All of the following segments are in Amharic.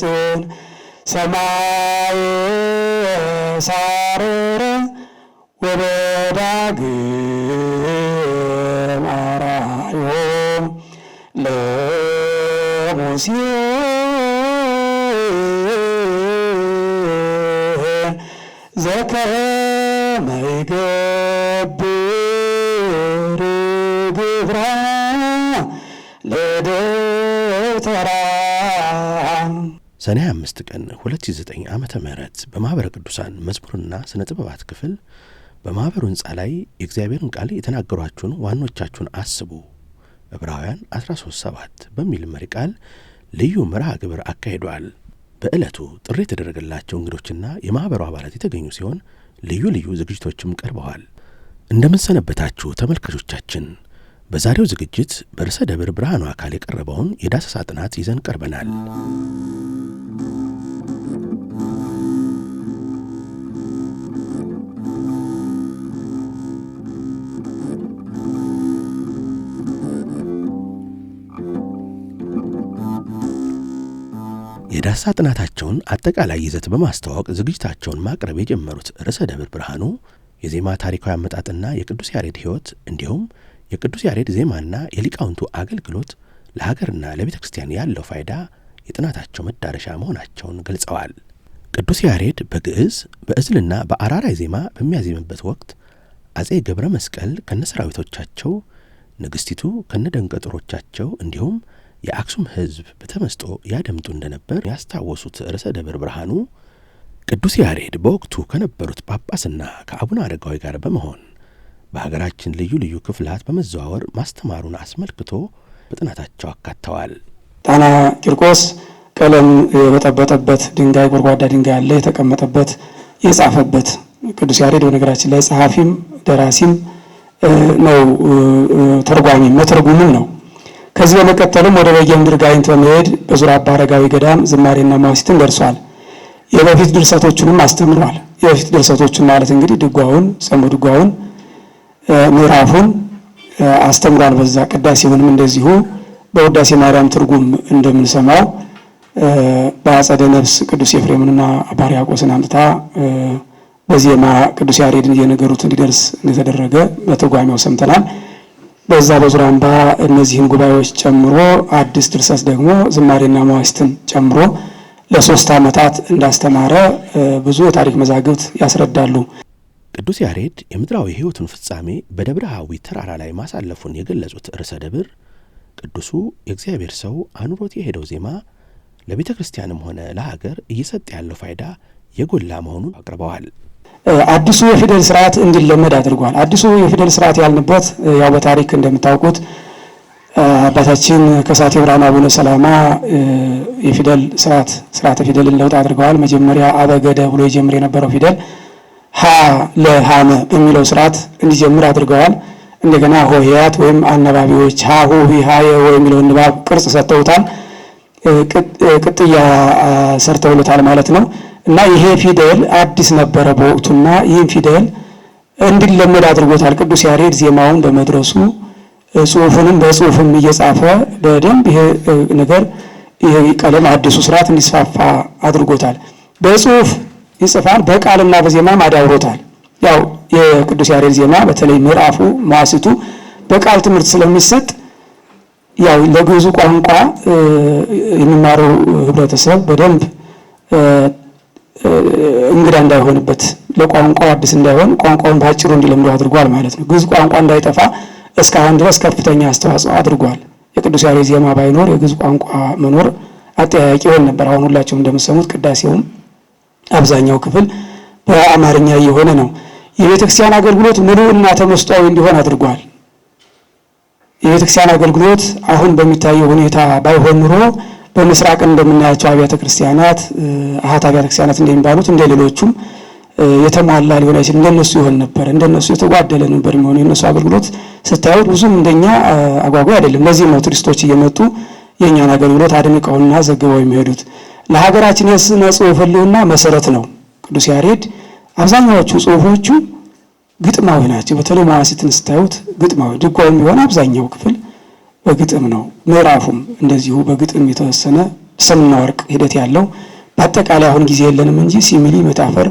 ሲን ሰማይ 2009 ዓ ም በማኅበረ ቅዱሳን መዝሙርና ስነ ጥበባት ክፍል በማኅበሩ ሕንፃ ላይ የእግዚአብሔርን ቃል የተናገሯችሁን ዋኖቻችሁን አስቡ ዕብራውያን 137 በሚል መሪ ቃል ልዩ መርሃ ግብር አካሂዷል። በዕለቱ ጥሪ የተደረገላቸው እንግዶችና የማኅበሩ አባላት የተገኙ ሲሆን ልዩ ልዩ ዝግጅቶችም ቀርበዋል። እንደምንሰነበታችሁ ተመልካቾቻችን፣ በዛሬው ዝግጅት በርዕሰ ደብር ብርሃኑ አካል የቀረበውን የዳሰሳ ጥናት ይዘን ቀርበናል። የዳሳ ጥናታቸውን አጠቃላይ ይዘት በማስተዋወቅ ዝግጅታቸውን ማቅረብ የጀመሩት ርዕሰ ደብር ብርሃኑ የዜማ ታሪካዊ አመጣጥና የቅዱስ ያሬድ ሕይወት እንዲሁም የቅዱስ ያሬድ ዜማና የሊቃውንቱ አገልግሎት ለሀገርና ለቤተ ክርስቲያን ያለው ፋይዳ የጥናታቸው መዳረሻ መሆናቸውን ገልጸዋል። ቅዱስ ያሬድ በግዕዝ በእዝልና በአራራይ ዜማ በሚያዜምበት ወቅት አጼ ገብረ መስቀል ከነ ሰራዊቶቻቸው፣ ንግሥቲቱ ከነ ደንቀጥሮቻቸው እንዲሁም የአክሱም ህዝብ በተመስጦ ያደምጡ እንደነበር ያስታወሱት ርዕሰ ደብር ብርሃኑ ቅዱስ ያሬድ በወቅቱ ከነበሩት ጳጳስና ከአቡነ አረጋዊ ጋር በመሆን በሀገራችን ልዩ ልዩ ክፍላት በመዘዋወር ማስተማሩን አስመልክቶ በጥናታቸው አካተዋል። ጣና ቂርቆስ ቀለም የበጠበጠበት ድንጋይ ጎድጓዳ ድንጋይ አለ የተቀመጠበት የጻፈበት ቅዱስ ያሬድ በነገራችን ላይ ጸሐፊም ደራሲም ነው፣ ተርጓሚም መተርጉምም ነው። ከዚህ በመቀጠልም ወደ በጌምድር ጋይንት በመሄድ በዙር አባ አረጋዊ ገዳም ዝማሬና ማውሲትን ደርሷል። የበፊት ድርሰቶቹንም አስተምሯል። የበፊት ድርሰቶቹን ማለት እንግዲህ ድጓውን፣ ጸሞ ድጓውን፣ ምዕራፉን አስተምሯል። በዛ ቅዳሴውንም እንደዚሁ በውዳሴ ማርያም ትርጉም እንደምንሰማው በአጸደ ነፍስ ቅዱስ ኤፍሬምንና አባ ሕርያቆስን አምጥታ በዜማ ቅዱስ ያሬድን እየነገሩት እንዲደርስ እንደተደረገ በትርጓሜው ሰምተናል። በዛ በዙር አምባ እነዚህን ጉባኤዎች ጨምሮ አዲስ ድርሰት ደግሞ ዝማሬና መዋሥዕትን ጨምሮ ለሶስት ዓመታት እንዳስተማረ ብዙ የታሪክ መዛግብት ያስረዳሉ። ቅዱስ ያሬድ የምድራዊ ሕይወቱን ፍጻሜ በደብረ ሐዊ ተራራ ላይ ማሳለፉን የገለጹት ርዕሰ ደብር ቅዱሱ የእግዚአብሔር ሰው አኑሮት የሄደው ዜማ ለቤተ ክርስቲያንም ሆነ ለሀገር እየሰጠ ያለው ፋይዳ የጎላ መሆኑን አቅርበዋል። አዲሱ የፊደል ስርዓት እንዲለመድ አድርጓል። አዲሱ የፊደል ስርዓት ያልንበት ያው በታሪክ እንደምታውቁት አባታችን ከሳቴ ብርሃን አቡነ ሰላማ የፊደል ስርዓት ስርዓተ ፊደልን ለውጥ አድርገዋል። መጀመሪያ አበገደ ብሎ የጀምር የነበረው ፊደል ሀ ለሀመ በሚለው ስርዓት እንዲጀምር አድርገዋል። እንደገና ሆሄያት ወይም አናባቢዎች ሀሁ ሀየ የሚለውን ንባብ ቅርጽ ሰጥተውታል። ቅጥያ ሰርተውለታል ማለት ነው። እና ይሄ ፊደል አዲስ ነበረ በወቅቱና ይህን ፊደል እንዲለመድ አድርጎታል። ቅዱስ ያሬድ ዜማውን በመድረሱ ጽሑፉንም በጽሑፍም እየጻፈ በደንብ ይሄ ነገር ይሄ ቀለም አዲሱ ስርዓት እንዲስፋፋ አድርጎታል። በጽሑፍ ይጽፋል፣ በቃልና በዜማ ማዳብሮታል። ያው የቅዱስ ያሬድ ዜማ በተለይ ምዕራፉ መዋሥዕቱ በቃል ትምህርት ስለሚሰጥ ያው ለግዕዙ ቋንቋ የሚማረው ህብረተሰብ በደንብ እንግዳ እንዳይሆንበት ለቋንቋው አዲስ እንዳይሆን ቋንቋውን በአጭሩ እንዲለምዱ አድርጓል ማለት ነው። ግዕዝ ቋንቋ እንዳይጠፋ እስካሁን ድረስ ከፍተኛ አስተዋጽኦ አድርጓል። የቅዱስ ያሬድ ዜማ ባይኖር የግዕዝ ቋንቋ መኖር አጠያያቂ ይሆን ነበር። አሁን ሁላችሁም እንደምሰሙት ቅዳሴውም አብዛኛው ክፍል በአማርኛ እየሆነ ነው። የቤተክርስቲያን አገልግሎት ምሉ እና ተመስጧዊ እንዲሆን አድርጓል። የቤተክርስቲያን አገልግሎት አሁን በሚታየው ሁኔታ ባይሆን ኑሮ በምስራቅ እንደምናያቸው አብያተ ክርስቲያናት አሃት አብያተ ክርስቲያናት እንደሚባሉት እንደ ሌሎቹም የተሟላ ሊሆን አይችል እንደነሱ ይሆን ነበር። እንደነሱ የተጓደለ ነበር የሚሆኑ የነሱ አገልግሎት ስታዩት ብዙም እንደኛ አጓጓይ አይደለም። ለዚህ ነው ቱሪስቶች እየመጡ የእኛን አገልግሎት አድንቀውና ዘግበው የሚሄዱት። ለሀገራችን የስነ ጽሁፍ ህልውና መሰረት ነው ቅዱስ ያሬድ። አብዛኛዎቹ ጽሁፎቹ ግጥማዊ ናቸው። በተለይ መዋሥዕትን ስታዩት ግጥማዊ ድጓውም ቢሆን አብዛኛው ክፍል በግጥም ነው። ምዕራፉም እንደዚሁ በግጥም የተወሰነ ሰምና ወርቅ ሂደት ያለው በአጠቃላይ አሁን ጊዜ የለንም እንጂ ሲሚሊ፣ መታፈር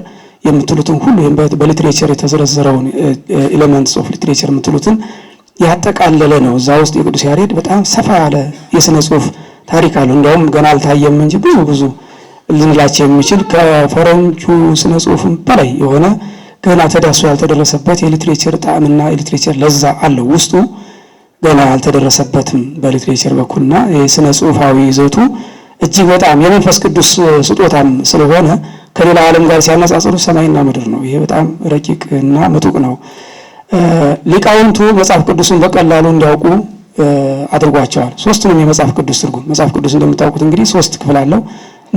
የምትሉትን ሁሉ ወይም በሊትሬቸር የተዘረዘረውን ኤሌመንትስ ኦፍ ሊትሬቸር የምትሉትን ያጠቃለለ ነው። እዛ ውስጥ የቅዱስ ያሬድ በጣም ሰፋ ያለ የስነ ጽሁፍ ታሪክ አለው። እንዲያውም ገና አልታየም እንጂ ብዙ ብዙ ልንላቸው የሚችል ከፈረንቹ ስነ ጽሁፍም በላይ የሆነ ገና ተዳሶ ያልተደረሰበት የሊትሬቸር ጣዕምና የሊትሬቸር ለዛ አለው ውስጡ ገና አልተደረሰበትም በሊትሬቸር በኩልና የስነ ጽሁፋዊ ይዘቱ እጅግ በጣም የመንፈስ ቅዱስ ስጦታም ስለሆነ ከሌላ ዓለም ጋር ሲያነጻጽሩ ሰማይና ምድር ነው። ይሄ በጣም ረቂቅ እና ምጡቅ ነው። ሊቃውንቱ መጽሐፍ ቅዱስን በቀላሉ እንዲያውቁ አድርጓቸዋል። ሶስቱንም የመጽሐፍ ቅዱስ ትርጉም መጽሐፍ ቅዱስ እንደምታውቁት እንግዲህ ሶስት ክፍል አለው።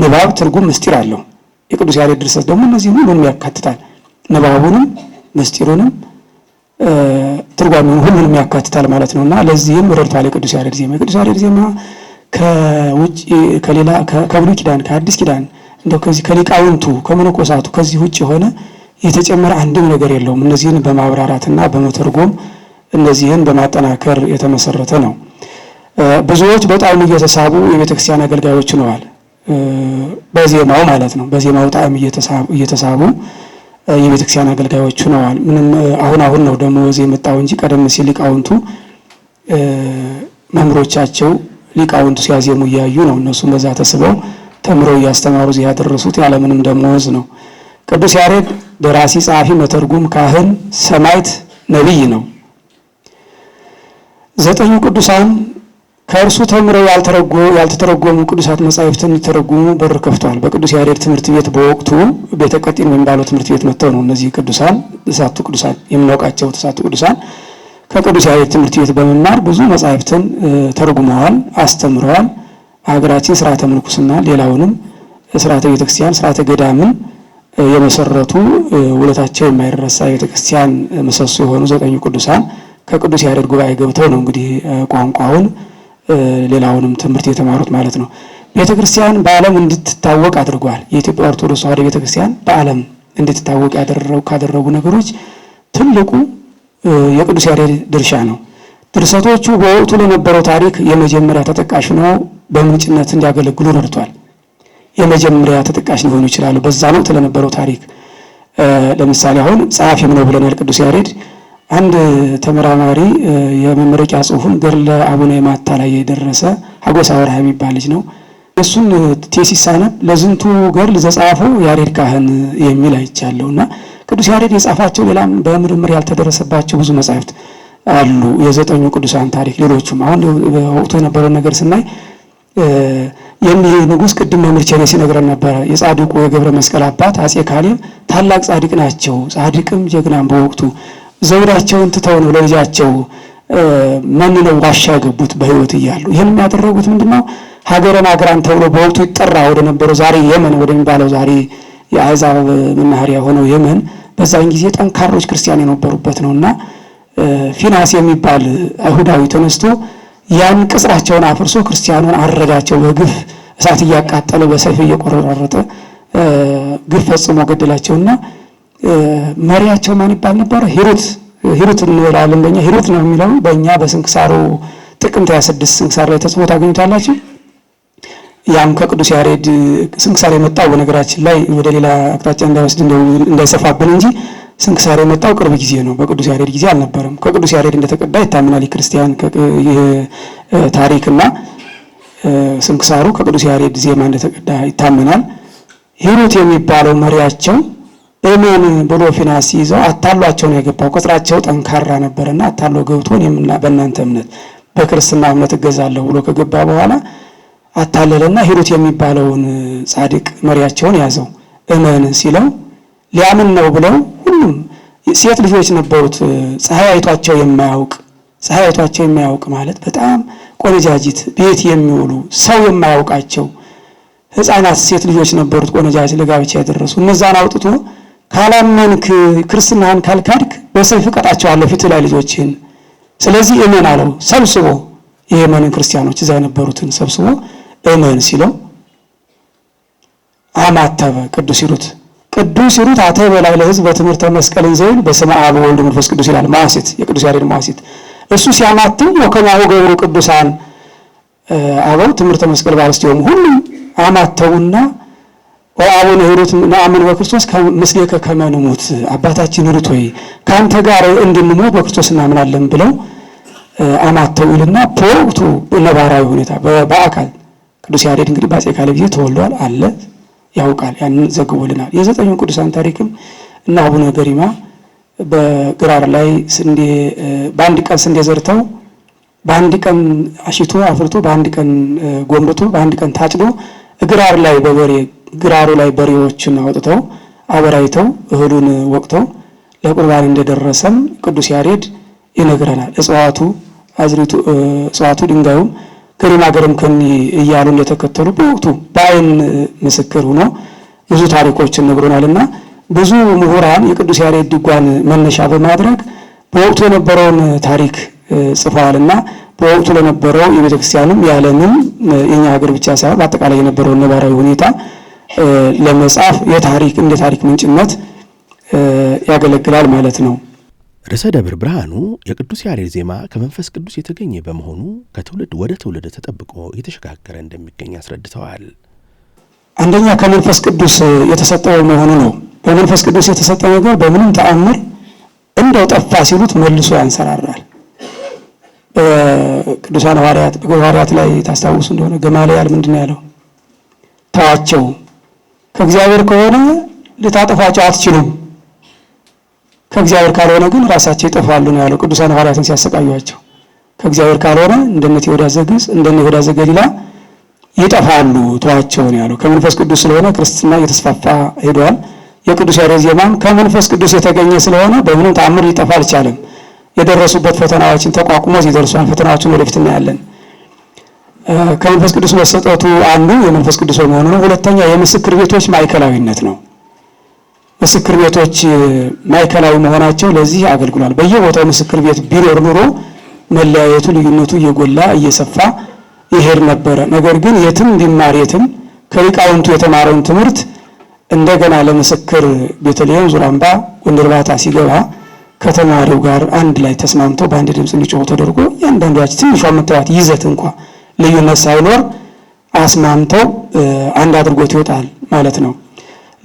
ንባብ፣ ትርጉም፣ ምስጢር አለው። የቅዱስ ያሬድ ድርሰት ደግሞ እነዚህ ሁሉንም ያካትታል። ንባቡንም ምስጢሩንም ትርጓሜውን ሁሉንም ያካትታል ማለት ነው እና ለዚህም ረድቷል የቅዱስ ያሬድ ዜማ። ቅዱስ ያሬድ ዜማ ከውጭ ከሌላ ከብሉይ ኪዳን ከአዲስ ኪዳን እንደው ከዚህ ከሊቃውንቱ ከመነኮሳቱ ከዚህ ውጭ የሆነ የተጨመረ አንድም ነገር የለውም። እነዚህን በማብራራትና በመተርጎም እነዚህን በማጠናከር የተመሰረተ ነው። ብዙዎች በጣም እየተሳቡ የቤተክርስቲያን አገልጋዮች ነዋል። በዜማው ማለት ነው። በዜማው ጣዕም እየተሳቡ የቤተክርስቲያን አገልጋዮች ሆነዋል። ምንም አሁን አሁን ነው ደሞዝ የመጣው እንጂ ቀደም ሲል ሊቃውንቱ መምህሮቻቸው ሊቃውንቱ ሲያዜሙ እያዩ ነው እነሱ በዛ ተስበው ተምረው እያስተማሩ እዚህ ያደረሱት ያለምንም ደሞዝ ነው። ቅዱስ ያሬድ ደራሲ፣ ጸሐፊ፣ መተርጉም፣ ካህን፣ ሰማዕት፣ ነቢይ ነው። ዘጠኙ ቅዱሳን ከእርሱ ተምረው ያልተተረጎሙ ቅዱሳት መጻሕፍትን እንዲተረጉሙ በር ከፍተዋል። በቅዱስ ያሬድ ትምህርት ቤት በወቅቱ ቤተ ቀጢን በሚባለው ትምህርት ቤት መጥተው ነው እነዚህ ቅዱሳን ተሳቱ ቅዱሳን የምናውቃቸው ተሳቱ ቅዱሳን ከቅዱስ ያሬድ ትምህርት ቤት በመማር ብዙ መጻሕፍትን ተርጉመዋል፣ አስተምረዋል። ሀገራችን ስርዓተ ምንኩስና ሌላውንም ስርዓተ ቤተክርስቲያን ስርዓተ ገዳምን የመሰረቱ ውለታቸው የማይረሳ ቤተክርስቲያን ምሰሶ የሆኑ ዘጠኙ ቅዱሳን ከቅዱስ ያሬድ ጉባኤ ገብተው ነው እንግዲህ ቋንቋውን ሌላውንም ትምህርት የተማሩት ማለት ነው። ቤተ ክርስቲያን በዓለም እንድትታወቅ አድርጓል። የኢትዮጵያ ኦርቶዶክስ ተዋሕዶ ቤተ ክርስቲያን በዓለም እንድትታወቅ ካደረጉ ነገሮች ትልቁ የቅዱስ ያሬድ ድርሻ ነው። ድርሰቶቹ በወቅቱ ለነበረው ታሪክ የመጀመሪያ ተጠቃሽ ነው። በምንጭነት እንዲያገለግሉ ረድቷል። የመጀመሪያ ተጠቃሽ ሊሆኑ ይችላሉ በዛ ወቅት ለነበረው ታሪክ። ለምሳሌ አሁን ጸሐፊም ነው ብለናል ቅዱስ ያሬድ አንድ ተመራማሪ የመመረቂያ ጽሁፉን ገድለ አቡነ የማታ ላይ የደረሰ ሀጎሳ በረሃ የሚባል ልጅ ነው። እሱን ቴሲስ ሳነብ ለዝንቱ ገድል ዘጻፎ ያሬድ ካህን የሚል አይቻለሁ እና ቅዱስ ያሬድ የጻፋቸው ሌላም በምርምር ያልተደረሰባቸው ብዙ መጽሐፍት አሉ። የዘጠኙ ቅዱሳን ታሪክ፣ ሌሎቹም አሁን ወቅቱ የነበረውን ነገር ስናይ የሚህ ንጉስ ቅድም መምህር ሲነግረን ነበረ። የጻድቁ የገብረ መስቀል አባት አጼ ካሌብ ታላቅ ጻድቅ ናቸው። ጻድቅም ጀግናም በወቅቱ ዘውዳቸውን ትተው ነው ለልጃቸው መንነው ዋሻ የገቡት በህይወት እያሉ። ይህን ያደረጉት ምንድን ነው? ሀገረ ናግራን ተብሎ በወቅቱ ይጠራ ወደ ነበረው ዛሬ የመን ወደሚባለው ዛሬ የአሕዛብ መናኸሪያ ሆነው የመን በዛን ጊዜ ጠንካሮች ክርስቲያን የነበሩበት ነው እና ፊናስ የሚባል አይሁዳዊ ተነስቶ ያን ቅጽራቸውን አፍርሶ ክርስቲያኑን አረዳቸው። በግፍ እሳት እያቃጠለ በሰይፍ እየቆራረጠ ግፍ ፈጽሞ ገደላቸውና መሪያቸው ማን ይባል ነበር? ሂሩት ሂሩት እንላለን በእኛ ሂሩት ነው የሚለው በእኛ በስንክሳሩ ጥቅምት 26 ስንክሳር ላይ ተጽፎ ታገኙታላችሁ። ያም ከቅዱስ ያሬድ ስንክሳር የመጣው በነገራችን ላይ ወደ ሌላ አቅጣጫ እንዳይወስድ እንዳይሰፋብን እንጂ ስንክሳር የመጣው ቅርብ ጊዜ ነው፣ በቅዱስ ያሬድ ጊዜ አልነበረም። ከቅዱስ ያሬድ እንደተቀዳ ይታመናል የክርስቲያን ታሪክና ስንክሳሩ ከቅዱስ ያሬድ ዜማ እንደተቀዳ ይታምናል። ሂሩት የሚባለው መሪያቸው እመን ብሎ ፊናንስ ይዘው አታሏቸው ነው የገባው። ቁጥራቸው ጠንካራ ነበርና አታሎ ገብቶ እኔምና በእናንተ እምነት በክርስትና እምነት እገዛለሁ ብሎ ከገባ በኋላ አታለለና ሂሩት የሚባለውን ጻድቅ መሪያቸውን ያዘው። እመን ሲለው ሊያምን ነው ብለው ሁሉም ሴት ልጆች ነበሩት። ፀሐይ አይቷቸው የማያውቅ ፀሐይ አይቷቸው የማያውቅ ማለት በጣም ቆነጃጅት ቤት የሚውሉ ሰው የማያውቃቸው ህፃናት ሴት ልጆች ነበሩት። ቆነጃጅት ለጋብቻ የደረሱ እነዛን አውጥቶ ካላመንክ ክርስትናህን ካልካድክ በሰይፍ እቀጣቸዋለሁ ፊት ላይ ልጆችን። ስለዚህ እመን አለው። ሰብስቦ የየመንን ክርስቲያኖች እዛ የነበሩትን ሰብስቦ እመን ሲለው አማተበ። ቅዱስ ይሩት ቅዱስ ይሩት አተበ ላይ ለህዝብ በትምህርተ መስቀልን ዘይን በስመ አብ ወወልድ መንፈስ ቅዱስ ይላል። ማዋሲት የቅዱስ ያሬድ ማዋሲት። እሱ ሲያማትም ወከማሁ ገብሩ ቅዱሳን አበው ትምህርተ መስቀል ባለስቲሆም ሁሉም አማተቡና ወአቡነ ኅሩት ነአምን በክርስቶስ ምስሌከ ከመ ንሙት፣ አባታችን ኅሩት ሆይ ከአንተ ጋር እንድንሞት በክርስቶስ እናምናለን ብለው አማተው ይልና በወቅቱ ነባራዊ ሁኔታ በአካል ቅዱስ ያሬድ እንግዲህ በአፄ ካለ ጊዜ ተወልዷል አለ ያውቃል፣ ያንን ዘግቦልናል። የዘጠኙን ቅዱሳን ታሪክም እና አቡነ ገሪማ በግራር ላይ ስንዴ በአንድ ቀን ስንዴ ዘርተው በአንድ ቀን አሽቶ አፍርቶ በአንድ ቀን ጎምርቶ በአንድ ቀን ታጭዶ ግራር ላይ በበሬ ግራሩ ላይ በሬዎችን አውጥተው አበራይተው እህሉን ወቅተው ለቁርባን እንደደረሰም ቅዱስ ያሬድ ይነግረናል። እጽዋቱ አዝሪቱ እጽዋቱ ድንጋዩም ከኔም ሀገርም ከኒ እያሉ እንደተከተሉ በወቅቱ በአይን ምስክር ሆኖ ብዙ ታሪኮችን ነግሮናልና ብዙ ምሁራን የቅዱስ ያሬድ ድጓን መነሻ በማድረግ በወቅቱ የነበረውን ታሪክ ጽፈዋልና በወቅቱ ለነበረው የቤተክርስቲያንም የዓለምም የኛ ሀገር ብቻ ሳይሆን በአጠቃላይ የነበረውን ነባራዊ ሁኔታ ለመጻፍ የታሪክ እንደ ታሪክ ምንጭነት ያገለግላል ማለት ነው። ርዕሰ ደብር ብርሃኑ የቅዱስ ያሬድ ዜማ ከመንፈስ ቅዱስ የተገኘ በመሆኑ ከትውልድ ወደ ትውልድ ተጠብቆ እየተሸጋገረ እንደሚገኝ አስረድተዋል። አንደኛ ከመንፈስ ቅዱስ የተሰጠው መሆኑ ነው። በመንፈስ ቅዱስ የተሰጠ ነገር በምንም ተአምር እንደው ጠፋ ሲሉት መልሶ ያንሰራራል። በቅዱሳን ሐዋርያት በጎ ሐዋርያት ላይ ታስታውሱ እንደሆነ ገማልያል ምንድን ነው ያለው? ተዋቸው፣ ከእግዚአብሔር ከሆነ ልታጠፏቸው አትችሉም፣ ከእግዚአብሔር ካልሆነ ግን ራሳቸው ይጠፋሉ ነው ያለው። ቅዱሳን ሐዋርያትን ሲያሰቃዩቸው ከእግዚአብሔር ካልሆነ እንደነ ቴዎዳ ዘግስ እንደነ ይሁዳ ዘገሊላ ይጠፋሉ፣ ተዋቸው ነው ያለው። ከመንፈስ ቅዱስ ስለሆነ ክርስትና እየተስፋፋ ሄዷል። የቅዱስ ያሬድ ዜማም ከመንፈስ ቅዱስ የተገኘ ስለሆነ በምንም ተአምር ሊጠፋ አልቻለም። የደረሱበት ፈተናዎችን ተቋቁሞ እዚህ ደርሷን ፈተናዎችን ወደፊት እናያለን። ከመንፈስ ቅዱስ መሰጠቱ አንዱ የመንፈስ ቅዱስ በመሆኑ ነው። ሁለተኛ የምስክር ቤቶች ማዕከላዊነት ነው። ምስክር ቤቶች ማዕከላዊ መሆናቸው ለዚህ አገልግሏል። በየቦታው ምስክር ቤት ቢኖር ኑሮ መለያየቱ፣ ልዩነቱ እየጎላ እየሰፋ ይሄድ ነበረ። ነገር ግን የትም ቢማር የትም ከሊቃውንቱ የተማረውን ትምህርት እንደገና ለምስክር ቤተልሔም፣ ዙራምባ፣ ጎንደር ባታ ሲገባ ከተማሪው ጋር አንድ ላይ ተስማምተው በአንድ ድምፅ እንዲጮሁ ተደርጎ እያንዳንዱ ትንሿ የምታዩት ይዘት እንኳ ልዩነት ሳይኖር አስማምተው አንድ አድርጎት ይወጣል ማለት ነው።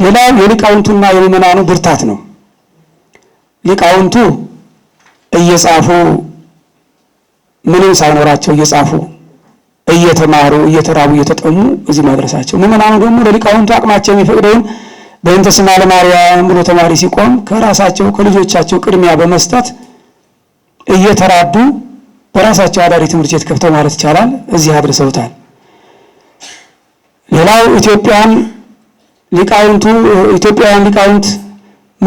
ሌላው የሊቃውንቱና የምዕመናኑ ብርታት ነው። ሊቃውንቱ እየጻፉ ምንም ሳይኖራቸው እየጻፉ እየተማሩ እየተራቡ እየተጠሙ እዚህ ማድረሳቸው፣ ምዕመናኑ ደግሞ ለሊቃውንቱ አቅማቸው የሚፈቅደውን በእንተ ስማ ለማርያም ብሎ ተማሪ ሲቆም ከራሳቸው ከልጆቻቸው ቅድሚያ በመስጠት እየተራዱ በራሳቸው አዳሪ ትምህርት ቤት ከፍተው ማለት ይቻላል እዚህ አድርሰውታል። ሌላው ኢትዮጵያን ሊቃውንቱ ኢትዮጵያውያን ሊቃውንት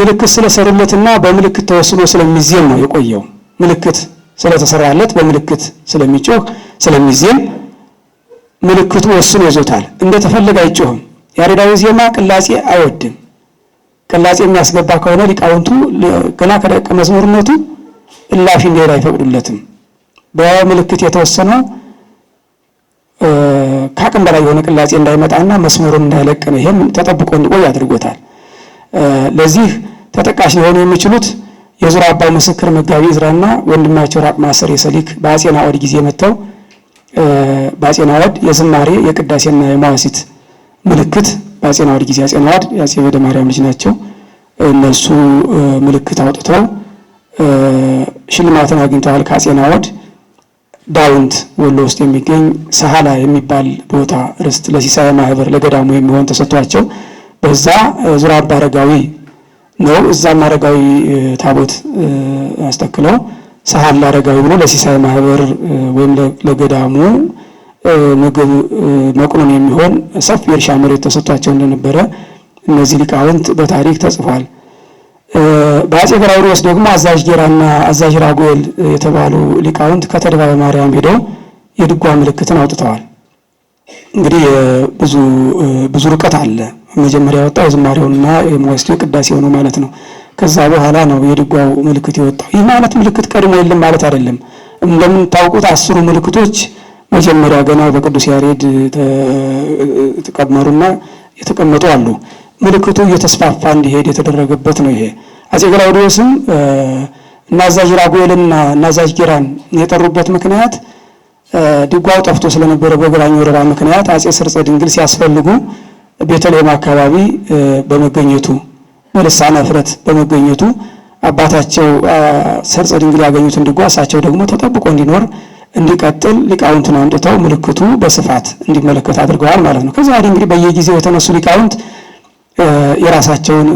ምልክት ስለሰሩለትና በምልክት ተወስኖ ስለሚዜም ነው የቆየው። ምልክት ስለተሰራለት በምልክት ስለሚጮህ ስለሚዜም ምልክቱ ወስኖ ይዞታል። እንደተፈለገ አይጮህም። ያሬዳዊ ዜማ ቅላጼ አይወድም። ቅላጼ የሚያስገባ ከሆነ ሊቃውንቱ ገና ከደቀ መዝሙርነቱ እላፊ እንዲሄድ አይፈቅዱለትም። በምልክት የተወሰነ ከአቅም በላይ የሆነ ቅላጼ እንዳይመጣና መስመሩን እንዳይለቅ ነው። ይህም ተጠብቆ እንዲቆይ አድርጎታል። ለዚህ ተጠቃሽ ሊሆኑ የሚችሉት የዙር አባይ ምስክር መጋቢ ዕዝራና ወንድማቸው ራቅ ማሰር የሰሊክ በአጼ ናኦድ ጊዜ መጥተው በአጼ ናኦድ የዝማሬ የቅዳሴና የመዋሲት ምልክት በአጼ ናዋድ ጊዜ አጼ ናዋድ የአጼ ወደ ማርያም ልጅ ናቸው። እነሱ ምልክት አውጥተው ሽልማትን አግኝተዋል። ከአጼ ናዋድ ዳውንት ወሎ ውስጥ የሚገኝ ሰሃላ የሚባል ቦታ ርስት ለሲሳይ ማህበር ለገዳሙ የሚሆን ተሰጥቷቸው በዛ ዙራ አባ አረጋዊ ነው። እዛም አረጋዊ ታቦት አስተክለው ሰሃላ አረጋዊ ብሎ ለሲሳይ ማህበር ወይም ለገዳሙ ምግብ መቁኖን የሚሆን ሰፊ የእርሻ መሬት ተሰጥቷቸው እንደነበረ እነዚህ ሊቃውንት በታሪክ ተጽፏል። በአጼ ገራውሮስ ደግሞ አዛዥ ጌራና አዛዥ ራጎል የተባሉ ሊቃውንት ከተድባበ ማርያም ሄደው የድጓ ምልክትን አውጥተዋል። እንግዲህ ብዙ ርቀት አለ። መጀመሪያ የወጣው ዝማሬውንና የመወስቱ ቅዳሴ ሆኖ ማለት ነው። ከዛ በኋላ ነው የድጓው ምልክት የወጣው። ይህ ማለት ምልክት ቀድሞ የለም ማለት አይደለም። እንደምታውቁት አስሩ ምልክቶች መጀመሪያ ገና በቅዱስ ያሬድ ተቀመሩና የተቀመጡ አሉ። ምልክቱ እየተስፋፋ እንዲሄድ የተደረገበት ነው። ይሄ አፄ ገላውዲዮስም እናዛዥ ራጉኤልና እናዛዥ ጌራን የጠሩበት ምክንያት ድጓው ጠፍቶ ስለነበረ በግራኝ ወረራ ምክንያት አፄ ስርጸ ድንግል ሲያስፈልጉ ቤተልሔም አካባቢ በመገኘቱ በልሳነ ፍረት በመገኘቱ አባታቸው ሰርጸ ድንግል ያገኙትን ድጓ እሳቸው ደግሞ ተጠብቆ እንዲኖር እንዲቀጥል ሊቃውንትን አምጥተው ምልክቱ በስፋት እንዲመለከት አድርገዋል ማለት ነው። ከዚያ እንግዲህ በየጊዜው የተነሱ ሊቃውንት የራሳቸውን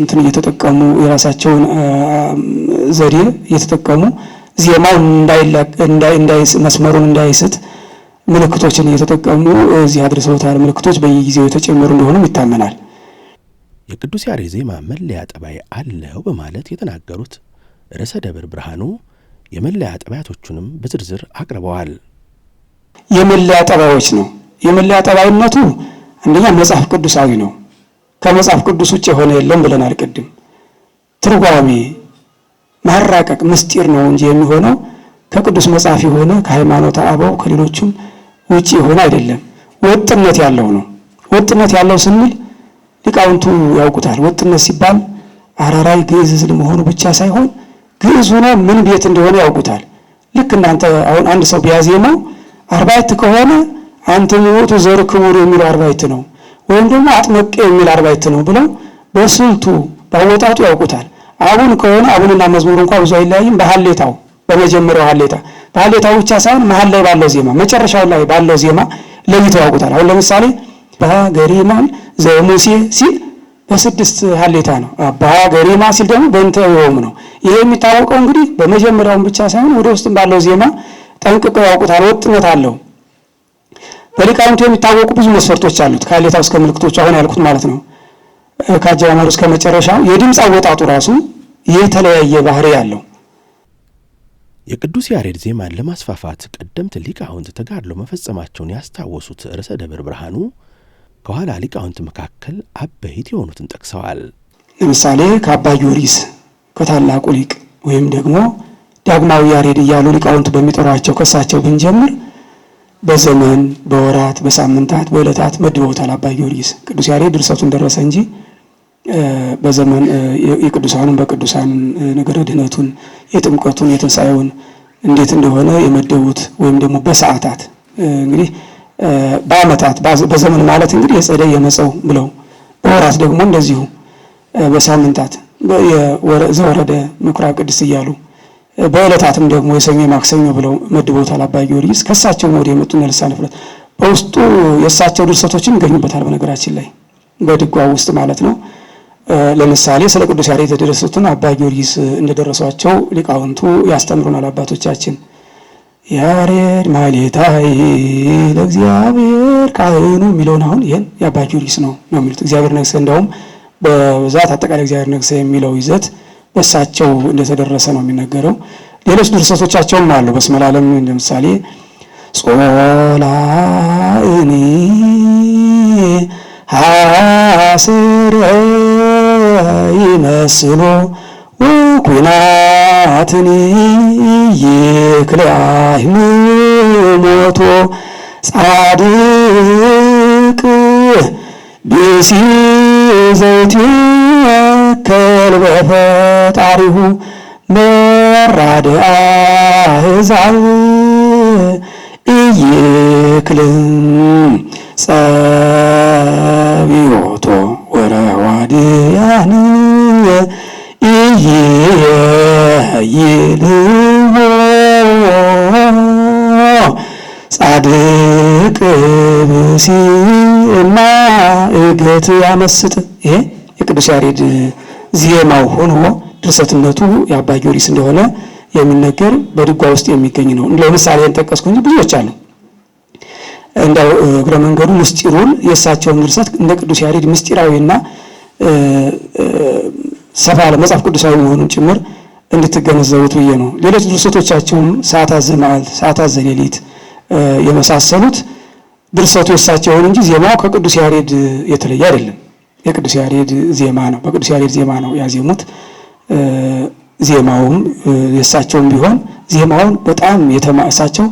እንትን እየተጠቀሙ የራሳቸውን ዘዴ እየተጠቀሙ ዜማው መስመሩን እንዳይስት ምልክቶችን እየተጠቀሙ እዚህ አድርሰውታል። ምልክቶች በየጊዜው የተጨመሩ እንደሆኑም ይታመናል። የቅዱስ ያሬድ ዜማ መለያ ጠባይ አለው በማለት የተናገሩት ርዕሰ ደብር ብርሃኑ የመለያ ጠባያቶቹንም በዝርዝር አቅርበዋል። የመለያ ጠባዮች ነው። የመለያ ጠባይነቱ አንደኛ መጽሐፍ ቅዱሳዊ ነው። ከመጽሐፍ ቅዱስ ውጭ የሆነ የለም ብለናል ቅድም። ትርጓሜ ማራቀቅ ምስጢር ነው እንጂ የሚሆነው ከቅዱስ መጽሐፍ የሆነ ከሃይማኖት አበው ከሌሎችም ውጭ የሆነ አይደለም። ወጥነት ያለው ነው። ወጥነት ያለው ስንል ሊቃውንቱ ያውቁታል። ወጥነት ሲባል አራራይ ግዕዝ መሆኑ ብቻ ሳይሆን ግዕዝ ሆኖ ምን ቤት እንደሆነ ያውቁታል። ልክ እናንተ አሁን አንድ ሰው ቢያዜመው አርባዕት ከሆነ አንትሙ ውእቱ ዘርክቡር የሚለው አርባዕት ነው ወይም ደግሞ አጥመቄ የሚል አርባዕት ነው ብለው በስልቱ ባወጣጡ ያውቁታል። አቡን ከሆነ አቡንና መዝሙር እንኳ ብዙ አይለያይም። በሀሌታው በመጀመሪያው ሀሌታ በሀሌታው ብቻ ሳይሆን መሀል ላይ ባለው ዜማ፣ መጨረሻው ላይ ባለው ዜማ ለይተው ያውቁታል። አሁን ለምሳሌ በሀገሪማን ዘሙሴ ሲል በስድስት ሀሌታ ነው። አባ ገሪማ ሲል ደግሞ በእንተ ሆሙ ነው። ይሄ የሚታወቀው እንግዲህ በመጀመሪያውን ብቻ ሳይሆን ወደ ውስጥም ባለው ዜማ ጠንቅቆ ያውቁታል። ወጥነት አለው። በሊቃውንቱ የሚታወቁ ብዙ መስፈርቶች አሉት። ከሀሌታው እስከ ምልክቶቹ አሁን ያልኩት ማለት ነው። ከአጀማመሩ እስከ መጨረሻው የድምፅ አወጣጡ ራሱ የተለያየ ባህሪ አለው የቅዱስ ያሬድ ዜማን ለማስፋፋት ቀደምት ሊቃውንት ተጋድሎ መፈጸማቸውን ያስታወሱት ርዕሰ ደብር ብርሃኑ ከኋላ ሊቃውንት መካከል አበይት የሆኑትን ጠቅሰዋል። ለምሳሌ ከአባ ጊዮርጊስ ከታላቁ ሊቅ ወይም ደግሞ ዳግማዊ ያሬድ እያሉ ሊቃውንት በሚጠሯቸው ከሳቸው ብንጀምር በዘመን በወራት በሳምንታት በዕለታት መድበውታል። አባ ጊዮርጊስ ቅዱስ ያሬድ ድርሰቱን ደረሰ እንጂ በዘመን የቅዱሳኑን በቅዱሳን ነገረ ድህነቱን የጥምቀቱን የትንሣኤውን እንዴት እንደሆነ የመደቡት ወይም ደግሞ በሰዓታት እንግዲህ በዓመታት በዘመን ማለት እንግዲህ የጸደይ የመጸው ብለው በወራት ደግሞ እንደዚሁ በሳምንታት ዘወረደ ምኩራ ቅድስ እያሉ በዕለታትም ደግሞ የሰኞ ማክሰኞ ብለው መድቦታል። አባ ጊዮርጊስ ከእሳቸው ወደ የመጡ ልሳነ ፍጥረት በውስጡ የእሳቸው ድርሰቶችም ይገኙበታል። በነገራችን ላይ በድጓ ውስጥ ማለት ነው። ለምሳሌ ስለ ቅዱስ ያሬድ የተደረሱትን አባ ጊዮርጊስ እንደደረሷቸው ሊቃውንቱ ያስተምሩናል አባቶቻችን። ያሬድ ማሌታይ ለእግዚአብሔር ካህኑ የሚለውን አሁን ይህን የአባ ጊዮርጊስ ነው ነው የሚሉት እግዚአብሔር ነግሰ። እንደውም በብዛት አጠቃላይ እግዚአብሔር ነግሰ የሚለው ይዘት በሳቸው እንደተደረሰ ነው የሚነገረው። ሌሎች ድርሰቶቻቸውም አሉ። በስመ ለዓለም ለምሳሌ ጾላእኒ ሀስረ ይመስሉ ኩናትን ይክላይም ሞቶ ጻድቅ ቢሲ ዘይትወከል በፈጣሪሁ መራድአ ሕዛብ እይክልም ጸቢዮቶ ወረዋድያን ይልዎ ጻድቅ ብእሲማ እገት ያመስጥ። ይሄ የቅዱስ ያሬድ ዜማው ሆኖ ድርሰትነቱ የአባ ጊዮርጊስ እንደሆነ የሚነገር በድጓ ውስጥ የሚገኝ ነው። ለምሳሌ ጠቀስኩ እንጂ ብዙዎች አሉ። እንደው እግረ መንገዱ ምስጢሩን የእሳቸውን ድርሰት እንደ ቅዱስ ያሬድ ምስጢራዊና ሰፋ ያለ መጽሐፍ ቅዱሳዊ መሆኑን ጭምር እንድትገነዘቡት ብዬ ነው። ሌሎች ድርሰቶቻቸውም ሰዓታት ዘመዓልት፣ ሰዓታት ዘሌሊት የመሳሰሉት ድርሰቱ የሳቸውን እንጂ ዜማው ከቅዱስ ያሬድ የተለየ አይደለም። የቅዱስ ያሬድ ዜማ ነው። በቅዱስ ያሬድ ዜማ ነው ያዜሙት። ዜማውም የእሳቸውም ቢሆን ዜማውን በጣም የተማእሳቸው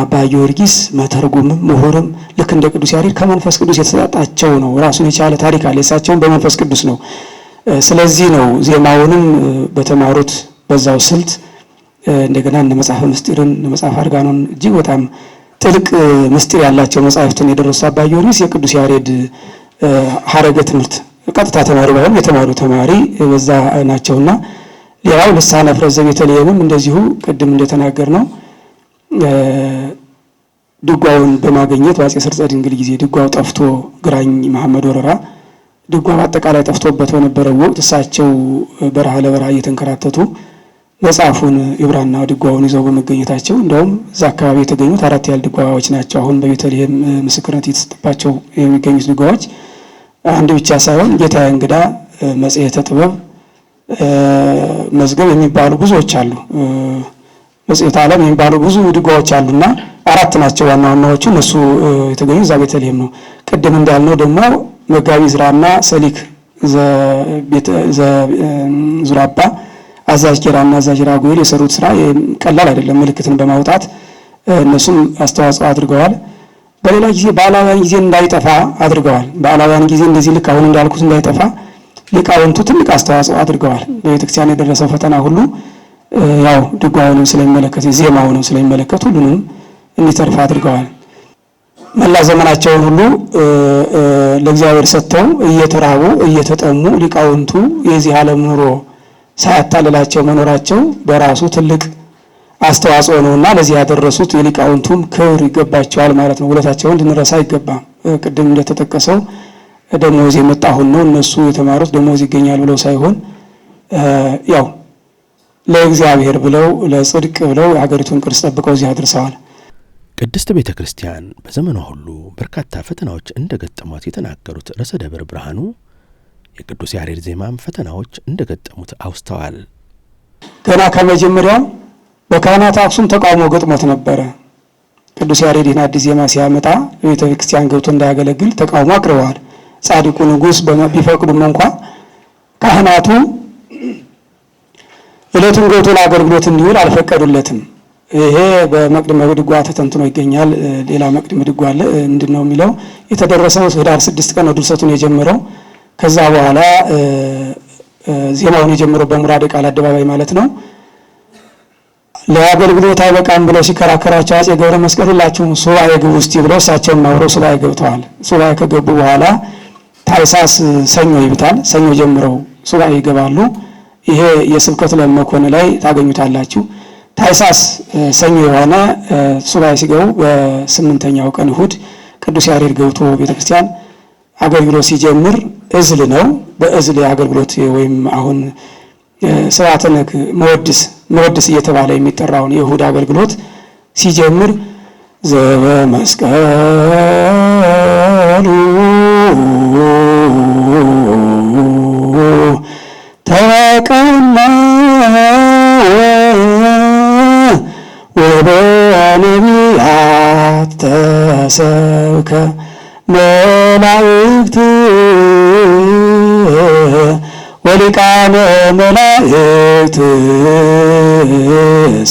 አባ ጊዮርጊስ መተርጉምም ምሁርም ልክ እንደ ቅዱስ ያሬድ ከመንፈስ ቅዱስ የተሰጣቸው ነው። ራሱን የቻለ ታሪክ አለ። የእሳቸውን በመንፈስ ቅዱስ ነው ስለዚህ ነው ዜማውንም በተማሩት በዛው ስልት እንደገና እንደ መጽሐፍ ምስጢርን እንደ መጽሐፍ አርጋኖን እጅግ በጣም ጥልቅ ምስጢር ያላቸው መጽሐፍትን የደረሱ አባ ጊዮርጊስ የቅዱስ ያሬድ ሀረገ ትምህርት ቀጥታ ተማሪ ባይሆን የተማሩ ተማሪ በዛ ናቸውና፣ ሌላው ልሳነ ፍረዘ ቤተልሔምም እንደዚሁ ቅድም እንደተናገር ነው ድጓውን በማግኘት በአፄ ሰርፀ ድንግል ጊዜ ድጓው ጠፍቶ ግራኝ መሐመድ ወረራ ድጓ አጠቃላይ ጠፍቶበት በነበረው ወቅት እሳቸው በረሃ ለበረሃ እየተንከራተቱ መጽሐፉን የብራና ድጓውን ይዘው በመገኘታቸው እንደውም እዛ አካባቢ የተገኙት አራት ያህል ድጓዎች ናቸው። አሁን በቤተልሔም ምስክርነት የተሰጠባቸው የሚገኙት ድጓዎች አንድ ብቻ ሳይሆን ጌታ እንግዳ፣ መጽሔተ ጥበብ፣ መዝገብ የሚባሉ ብዙዎች አሉ። መጽሔት ዓለም የሚባሉ ብዙ ድጓዎች አሉና አራት ናቸው ዋና ዋናዎቹ። እነሱ የተገኙ እዛ ቤተልሔም ነው። ቅድም እንዳልነው ደግሞ መጋቢ ዝራና ሰሊክ ዙራባ አዛዥ ጌራና አዛዥ ራጉኤል የሰሩት ስራ ቀላል አይደለም። ምልክትን በማውጣት እነሱም አስተዋጽኦ አድርገዋል። በሌላ ጊዜ በአላውያን ጊዜ እንዳይጠፋ አድርገዋል። በአላውያን ጊዜ እንደዚህ ልክ አሁን እንዳልኩት እንዳይጠፋ ሊቃውንቱ ትልቅ አስተዋጽኦ አድርገዋል። በቤተክርስቲያን የደረሰው ፈተና ሁሉ ያው ድጓውንም ስለሚመለከት ዜማውንም ስለሚመለከት ሁሉንም እንዲተርፍ አድርገዋል። መላ ዘመናቸውን ሁሉ ለእግዚአብሔር ሰጥተው እየተራቡ እየተጠሙ ሊቃውንቱ የዚህ ዓለም ኑሮ ሳያታልላቸው መኖራቸው በራሱ ትልቅ አስተዋጽኦ ነውና ለዚህ ያደረሱት የሊቃውንቱም ክብር ይገባቸዋል ማለት ነው። ውለታቸውን ልንረሳ አይገባም። ቅድም እንደተጠቀሰው ደሞዝ የመጣ አሁን ነው። እነሱ የተማሩት ደሞዝ ይገኛል ብለው ሳይሆን ያው ለእግዚአብሔር ብለው ለጽድቅ ብለው የሀገሪቱን ቅርስ ጠብቀው እዚህ አድርሰዋል። ቅድስት ቤተ ክርስቲያን በዘመኗ ሁሉ በርካታ ፈተናዎች እንደ ገጠሟት የተናገሩት ርዕሰ ደብር ብርሃኑ የቅዱስ ያሬድ ዜማም ፈተናዎች እንደ ገጠሙት አውስተዋል። ገና ከመጀመሪያው በካህናት አክሱም ተቃውሞ ገጥሞት ነበረ። ቅዱስ ያሬድ ይህን አዲስ ዜማ ሲያመጣ በቤተ ክርስቲያን ገብቶ እንዳያገለግል ተቃውሞ አቅርበዋል። ጻድቁ ንጉሥ ቢፈቅዱም እንኳ ካህናቱ ዕለቱን ገብቶ ለአገልግሎት እንዲውል አልፈቀዱለትም። ይሄ በመቅድመ ድጓ ተተንትኖ ይገኛል። ሌላ መቅድመ ድጓ አለ። ምንድን ነው የሚለው የተደረሰው ህዳር ስድስት ቀን ነው ድርሰቱን የጀመረው። ከዛ በኋላ ዜማውን የጀመረው በሙራደ ቃል አደባባይ ማለት ነው። ለአገልግሎት አይበቃም ብለው ሲከራከራቸው አፄ ገብረ መስቀል ሁላችሁም ሱባኤ ግቡ ውስጥ ብለው እሳቸውም አብረው ሱባኤ ገብተዋል። ሱባኤ ከገቡ በኋላ ታይሳስ ሰኞ ይብታል። ሰኞ ጀምረው ሱባኤ ይገባሉ። ይሄ የስብከት ለመኮን ላይ ታገኙታላችሁ። ታይሳስ ሰኞ የሆነ ሱባኤ ሲገቡ በስምንተኛው ቀን እሁድ ቅዱስ ያሬድ ገብቶ ቤተክርስቲያን አገልግሎት ሲጀምር እዝል ነው። በእዝል አገልግሎት ወይም አሁን ስርዓተ መወድስ መወድስ እየተባለ የሚጠራውን የእሁድ አገልግሎት ሲጀምር ዘበመስቀሉ አሰብከ መላእክት ወሊቃነ መላእክት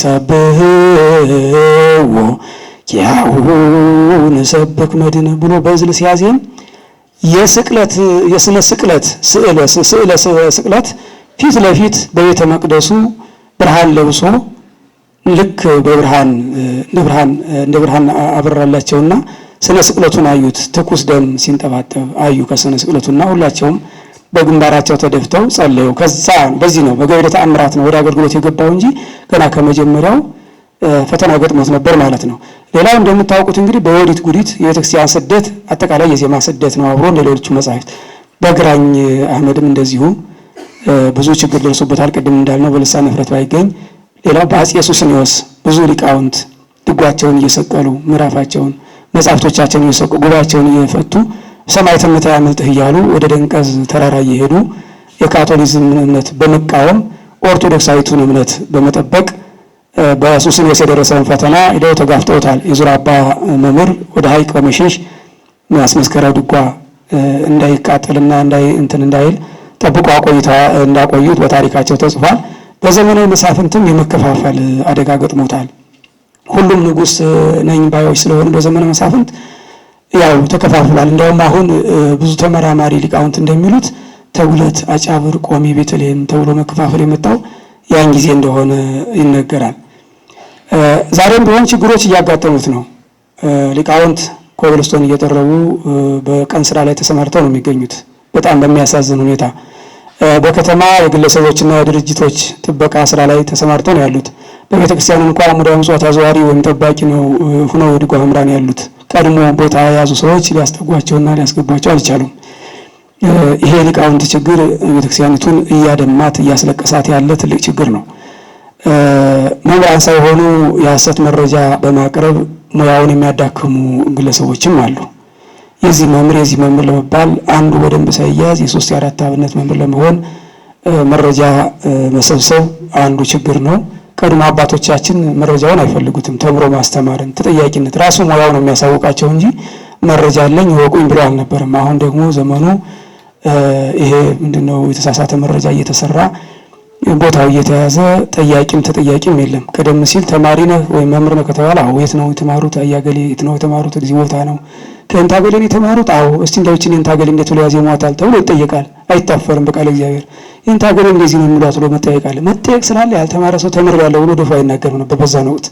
ሰብህዎ ያሁን ሰብክ መድኅነ ብሎ በዝል ሲያዜም የስቅለት የስነ ስቅለት ስዕለ ስቅለት ፊት ለፊት በቤተ መቅደሱ ብርሃን ለብሶ ልክ በብርሃን እንደ ብርሃን አበራላቸውና ስነ ስቅለቱን አዩት። ትኩስ ደም ሲንጠባጠብ አዩ ከስነ ስቅለቱና ሁላቸውም በግንባራቸው ተደፍተው ጸለዩ። ከዛ በዚህ ነው በገቢረ ተአምራት ነው ወደ አገልግሎት የገባው እንጂ ገና ከመጀመሪያው ፈተና ገጥሞት ነበር ማለት ነው። ሌላው እንደምታውቁት እንግዲህ በወዲት ጉዲት የቤተክርስቲያን ስደት አጠቃላይ የዜማ ስደት ነው አብሮ እንደ ሌሎቹ መጽሐፍት። በግራኝ አህመድም እንደዚሁ ብዙ ችግር ደርሶበታል። ቅድም እንዳልነው በልሳነ ዕፍረት ባይገኝ፣ ሌላው በአፄ ሱስንዮስ ብዙ ሊቃውንት ድጓቸውን እየሰቀሉ ምዕራፋቸውን መጻሕፍቶቻቸውን እየሰቁ ጉባኤያቸውን እየፈቱ ሰማዕትነት አያመልጥህ እያሉ ወደ ደንቀዝ ተራራ እየሄዱ የካቶሊዝምን እምነት በመቃወም ኦርቶዶክሳዊቱን እምነት በመጠበቅ በሱስንዮስ የደረሰውን ፈተና ሂደው ተጋፍጠውታል። የዙር አባ መምህር ወደ ሀይቅ በመሸሽ አስመስከራው ድጓ እንዳይቃጠልና እንትን እንዳይል ጠብቆ ቆይታ እንዳቆዩት በታሪካቸው ተጽፏል። በዘመናዊ መሳፍንትም የመከፋፈል አደጋ ገጥሞታል። ሁሉም ንጉስ ነኝ ባዮች ስለሆኑ በዘመነ መሳፍንት ያው ተከፋፍሏል። እንዲያውም አሁን ብዙ ተመራማሪ ሊቃውንት እንደሚሉት ተጉለት፣ አጫብር፣ ቆሜ፣ ቤተልሔም ተብሎ መከፋፈል የመጣው ያን ጊዜ እንደሆነ ይነገራል። ዛሬም ቢሆን ችግሮች እያጋጠሙት ነው። ሊቃውንት ኮብልስቶን እየጠረቡ በቀን ስራ ላይ ተሰማርተው ነው የሚገኙት። በጣም በሚያሳዝን ሁኔታ በከተማ የግለሰቦችና የድርጅቶች ጥበቃ ስራ ላይ ተሰማርተው ነው ያሉት። በቤተ ክርስቲያን እንኳ አሙደ ምጽዋት አዘዋሪ ወይም ጠባቂ ነው ሁነው የድጓ መምህራን ያሉት ቀድሞ ቦታ የያዙ ሰዎች ሊያስጠጓቸውና ሊያስገቧቸው አልቻሉም። ይሄ ሊቃውንት ችግር ቤተ እያደማት እያስለቀሳት ያለ ትልቅ ችግር ነው። መምህራን ሳይሆኑ የሐሰት መረጃ በማቅረብ ሙያውን የሚያዳክሙ ግለሰቦችም አሉ። የዚህ መምህር የዚህ መምህር ለመባል አንዱ በደንብ ሳይያዝ የሶስት የአራት አብነት መምህር ለመሆን መረጃ መሰብሰብ አንዱ ችግር ነው። ቀድሞ አባቶቻችን መረጃውን አይፈልጉትም። ተምሮ ማስተማርን፣ ተጠያቂነት ራሱ ሙያው ነው የሚያሳውቃቸው እንጂ መረጃ አለኝ ወቁኝ ብሎ አልነበረም። አሁን ደግሞ ዘመኑ ይሄ ምንድነው የተሳሳተ መረጃ እየተሰራ ቦታው እየተያዘ ጠያቂም ተጠያቂም የለም። ቀደም ሲል ተማሪ ነህ ወይም መምህር ነው ከተባለ የት ነው የተማሩት አያገሌ የት ነው የተማሩት እዚህ ቦታ ነው ፔንታጎልን የተማሩት አዎ፣ እስቲ እንዳዊችን ፔንታጎል እንዴት ብሎ ያዜሟታል ተብሎ ይጠየቃል። አይታፈርም በቃለ እግዚአብሔር ፔንታጎልን እንደዚህ ነው የሚሏት ብሎ መጠየቅ አለ። መጠየቅ ስላለ ያልተማረ ሰው ተምሬያለሁ ብሎ ደፋ አይናገርም ነበር በዛን ወቅት።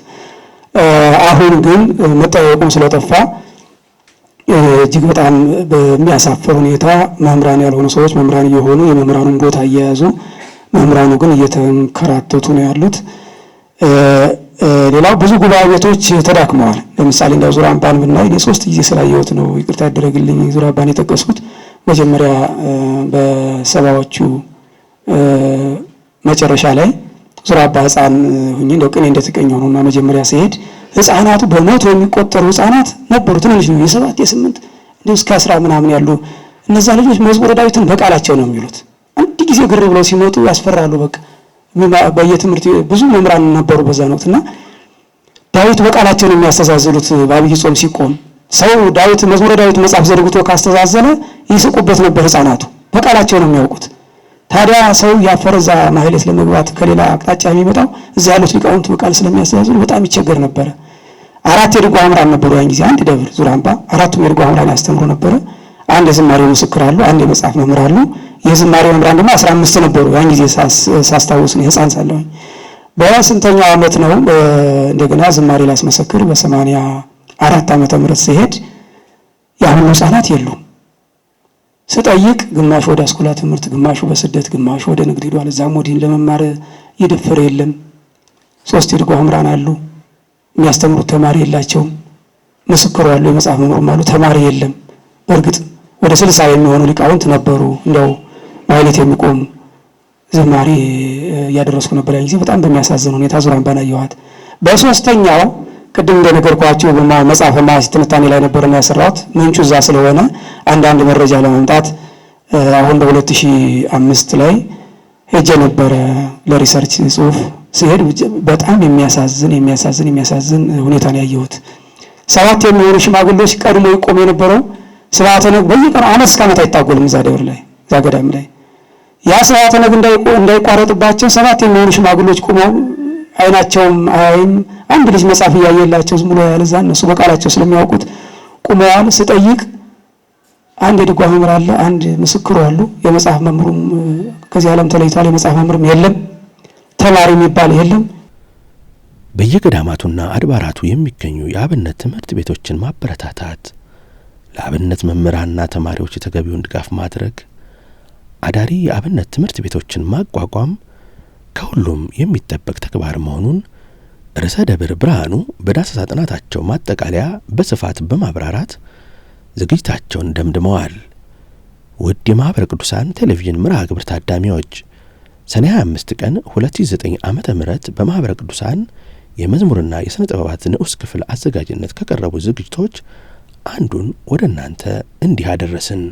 አሁን ግን መጠያየቁም ስለጠፋ እጅግ በጣም በሚያሳፍር ሁኔታ መምህራን ያልሆኑ ሰዎች መምህራን እየሆኑ የመምህራኑን ቦታ እየያዙ መምህራኑ ግን እየተንከራተቱ ነው ያሉት። ሌላው ብዙ ጉባኤ ቤቶች ተዳክመዋል። ለምሳሌ እንደ ዙር አምባን ብናይ የሶስት ጊዜ ስላየሁት ነው። ይቅርታ ያደረግልኝ ዙር አባን የጠቀስኩት መጀመሪያ በሰባዎቹ መጨረሻ ላይ ዙር አባ ህፃን ሁኜ እንደው ቅኔ እንደተቀኘ ሆነና መጀመሪያ ሲሄድ ህፃናቱ በመቶ የሚቆጠሩ ህፃናት ነበሩ። ትንንሽ ነው፣ የሰባት የስምንት እንዲሁ እስከ አስራ ምናምን ያሉ እነዛ ልጆች መዝሙረ ዳዊትን በቃላቸው ነው የሚሉት። አንድ ጊዜ ግር ብለው ሲመጡ ያስፈራሉ። በቃ በየትምህርት ብዙ መምህራን ነበሩ በዛ ነው እና ዳዊት በቃላቸው ነው የሚያስተዛዝሉት። በአብይ ጾም ሲቆም ሰው ዳዊት መዝሙረ ዳዊት መጽሐፍ ዘርግቶ ካስተዛዘለ ይስቁበት ነበር ህፃናቱ። በቃላቸው ነው የሚያውቁት። ታዲያ ሰው ያፈረዛ ማህሌት ለመግባት ከሌላ አቅጣጫ የሚመጣው እዚህ ያሉት ሊቃውንት በቃል ስለሚያስተዛዝሉ በጣም ይቸገር ነበረ። አራት የድጓ መምህራን ነበሩ ያን ጊዜ አንድ ደብር ዙራምባ አራቱም የድጓ መምህራን ያስተምሩ ነበረ። አንድ የዝማሬ ምስክር አሉ፣ አንድ የመጽሐፍ መምህር አሉ። የዝማሬ መምህራን ደግሞ አስራ አምስት ነበሩ። ያን ጊዜ ሳስታውስ ነው ህፃን ሳለሁኝ። በስንተኛው ዓመት ነው እንደገና ዝማሬ ላስመሰክር በሰማንያ አራት ዓመተ ምህረት ሲሄድ የአሁኑ ህፃናት የሉም። ስጠይቅ ግማሹ ወደ አስኮላ ትምህርት፣ ግማሹ በስደት፣ ግማሹ ወደ ንግድ ሄዷል። እዛም ወዲህን ለመማር የደፈረ የለም። ሶስት የድጓ መምህራን አሉ። የሚያስተምሩት ተማሪ የላቸውም። ምስክሩ አሉ፣ የመጽሐፍ መምህሩም አሉ። ተማሪ የለም በእርግጥ ወደ ስልሳ የሚሆኑ ሊቃውንት ነበሩ። እንዲያው ማህሌት የሚቆም ዝማሬ እያደረስኩ ነበር። ያን ጊዜ በጣም በሚያሳዝን ሁኔታ ዙራን ባናየኋት። በሶስተኛው ቅድም እንደነገርኳቸው መጽሐፈ መዋሥዕት ትንታኔ ላይ ነበር ያሰራሁት ምንጩ እዛ ስለሆነ አንዳንድ መረጃ ለማምጣት አሁን በ2005 ላይ ሄጀ ነበረ ለሪሰርች ጽሁፍ ሲሄድ በጣም የሚያሳዝን የሚያሳዝን የሚያሳዝን ሁኔታ ነው ያየሁት። ሰባት የሚሆኑ ሽማግሌዎች ቀድሞ ይቆም የነበረው ስብሐተ ነግ በየቀኑ ዓመት እስከ ዓመት አይታጎልም እዛ ደብር ላይ እዛ ገዳም ላይ ያ ስብሐተ ነግ እንዳይቋረጥባቸው ሰባት የሚሆኑ ሽማግሎች ቁመው አይናቸውም አያይም አንድ ልጅ መጽሐፍ እያየላቸው ዝም ብሎ ያለዛ እዛ እነሱ በቃላቸው ስለሚያውቁት ቁመዋል። ስጠይቅ አንድ የድጓ መምህር አለ፣ አንድ ምስክሩ አሉ። የመጽሐፍ መምህሩም ከዚህ ዓለም ተለይቷል። የመጽሐፍ መምህርም የለም፣ ተማሪ የሚባል የለም። በየገዳማቱና አድባራቱ የሚገኙ የአብነት ትምህርት ቤቶችን ማበረታታት ለአብነት መምህራንና ተማሪዎች የተገቢውን ድጋፍ ማድረግ፣ አዳሪ የአብነት ትምህርት ቤቶችን ማቋቋም ከሁሉም የሚጠበቅ ተግባር መሆኑን ርዕሰ ደብር ብርሃኑ በዳሰሳ ጥናታቸው ማጠቃለያ በስፋት በማብራራት ዝግጅታቸውን ደምድመዋል። ውድ የማኅበረ ቅዱሳን ቴሌቪዥን ምርሃ ግብር ታዳሚዎች ሰኔ 25 ቀን 2009 ዓ ም በማኅበረ ቅዱሳን የመዝሙርና የሥነ ጥበባት ንዑስ ክፍል አዘጋጅነት ከቀረቡ ዝግጅቶች አንዱን ወደ እናንተ እንዲህ አደረስን።